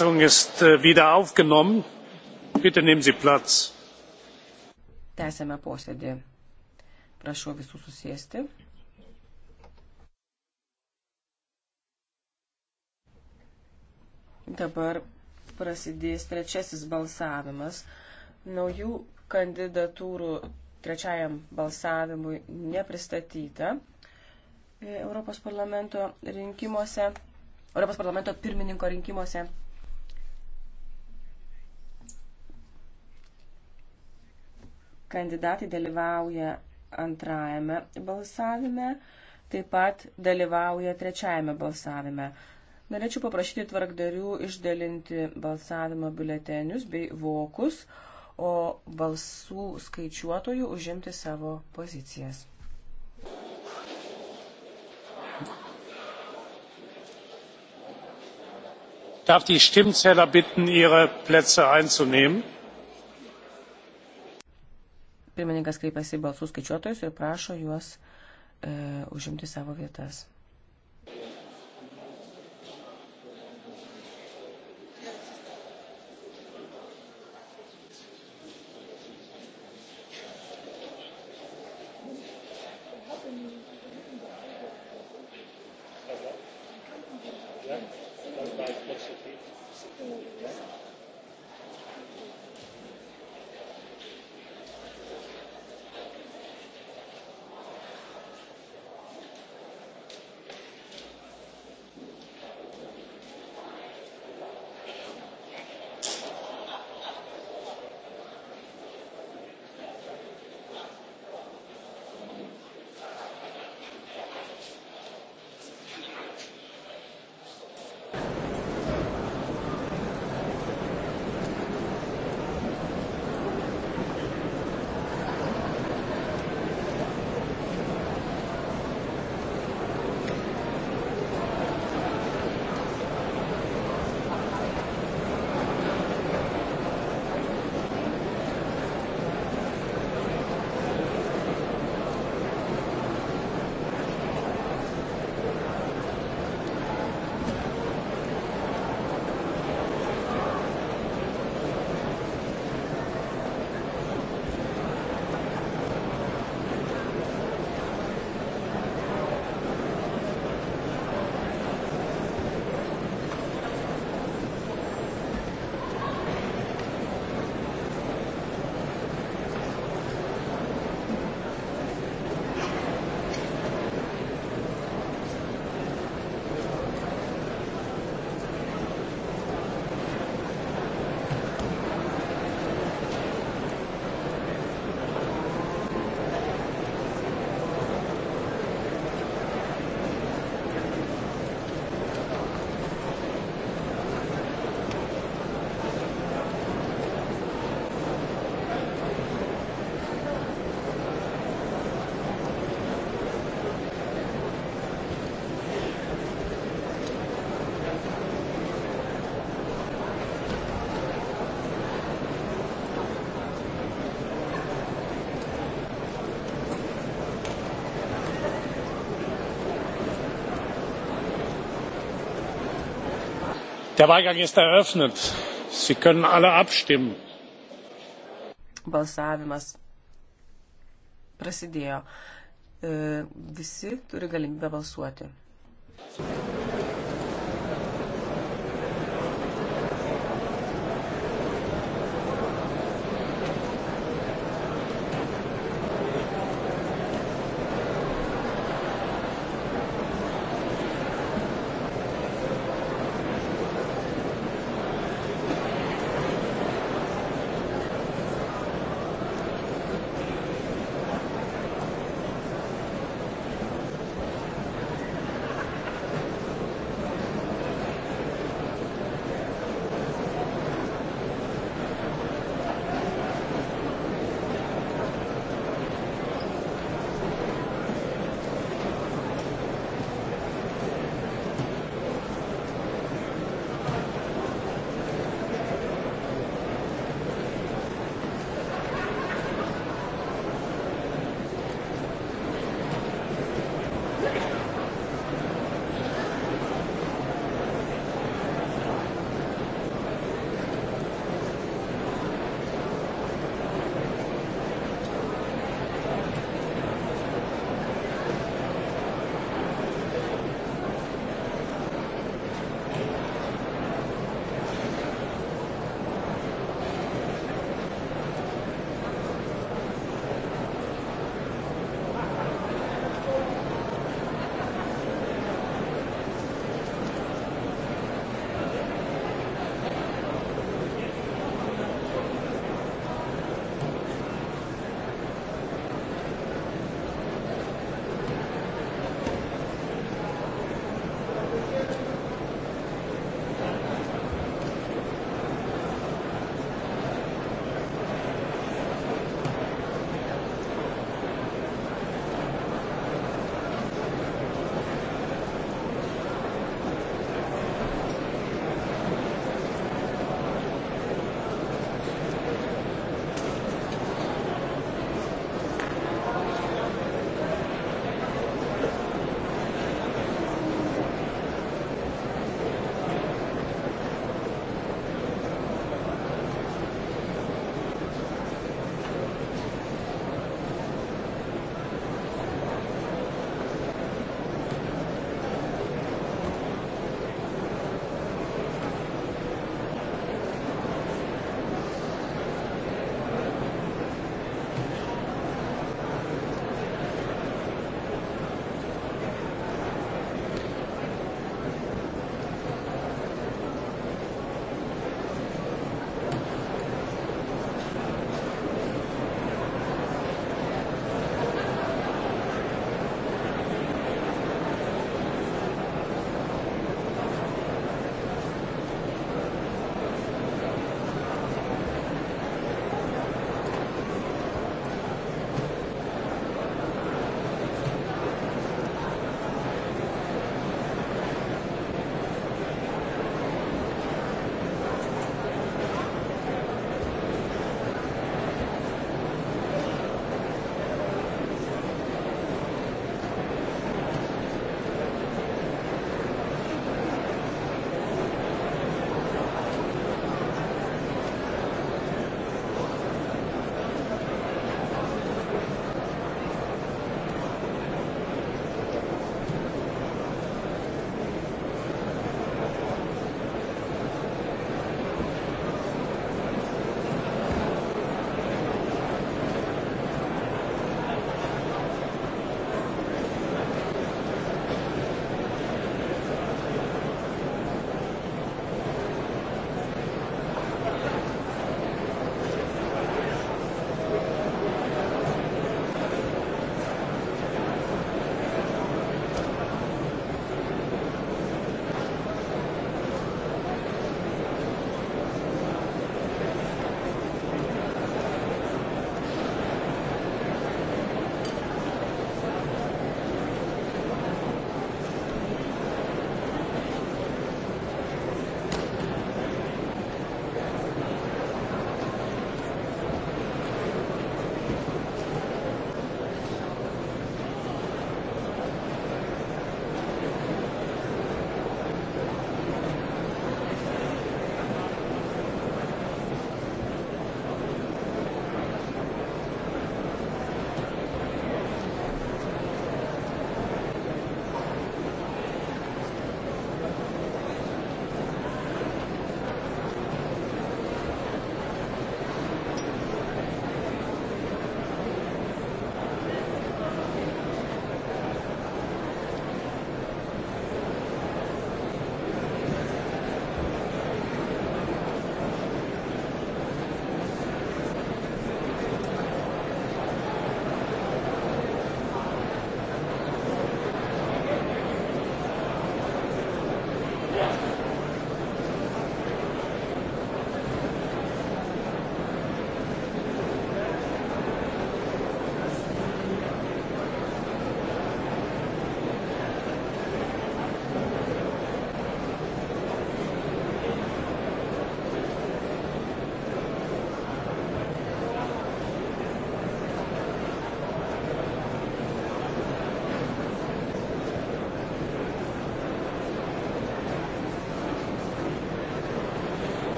sitzung ist äh, wieder aufgenommen. bitte nehmen sie platz. tęsiame posėdį. prašau visų susėsti. dabar prasidės trečiasis balsavimas. naujų kandidatūrų trečiajam balsavimui nepristatyta europos parlamento rinkimuose europos parlamento pirmininko rinkimuose kandidatai dalyvauja antrajame balsavime, taip pat dalyvauja trečiajame balsavime. Norėčiau paprašyti tvarkdarių išdalinti balsavimo biuletenius bei vokus, o balsų skaičiuotojų užimti savo pozicijas. darf die stimmzähler bitten ihre plätze einzunehmen. Pirmininkas kreipiasi balsų skaičiuotojus ir prašo juos e, užimti savo vietas. Der Wahlgang ist eröffnet. Sie können alle abstimmen. Balsavimas prasidėjo. Visi turi galimybę balsuoti.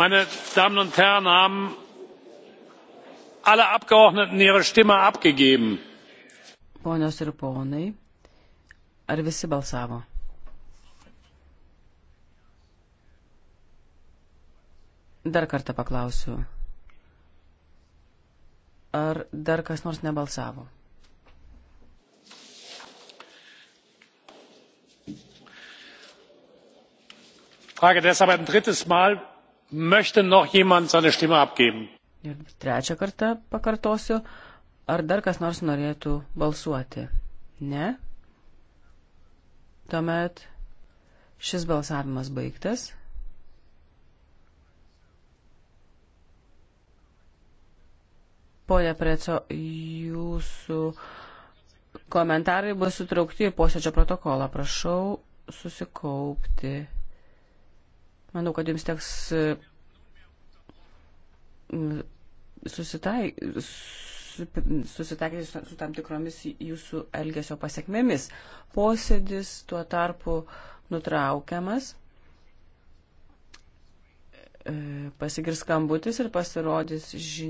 meine damen und herren haben alle abgeordneten ihre stimme abgegeben? ponios ir ponai ar visi balsavo? dar kartą paklausiu ar dar kas nors nebalsavo? frage deshalb ein drittes mal möchte noch jemand seine Stimme abgeben? Ir trečią kartą pakartosiu, ar dar kas nors norėtų balsuoti? Ne? Tuomet šis balsavimas baigtas. Pone Preco, jūsų komentarai bus sutraukti į posėdžio protokolą. Prašau susikaupti. Manau, kad jums teks e, susitai, susitaikyti su, su tam tikromis jūsų elgesio pasiekmėmis. Posėdis tuo tarpu nutraukiamas, e, pasigirs skambutis ir pasirodys žinias.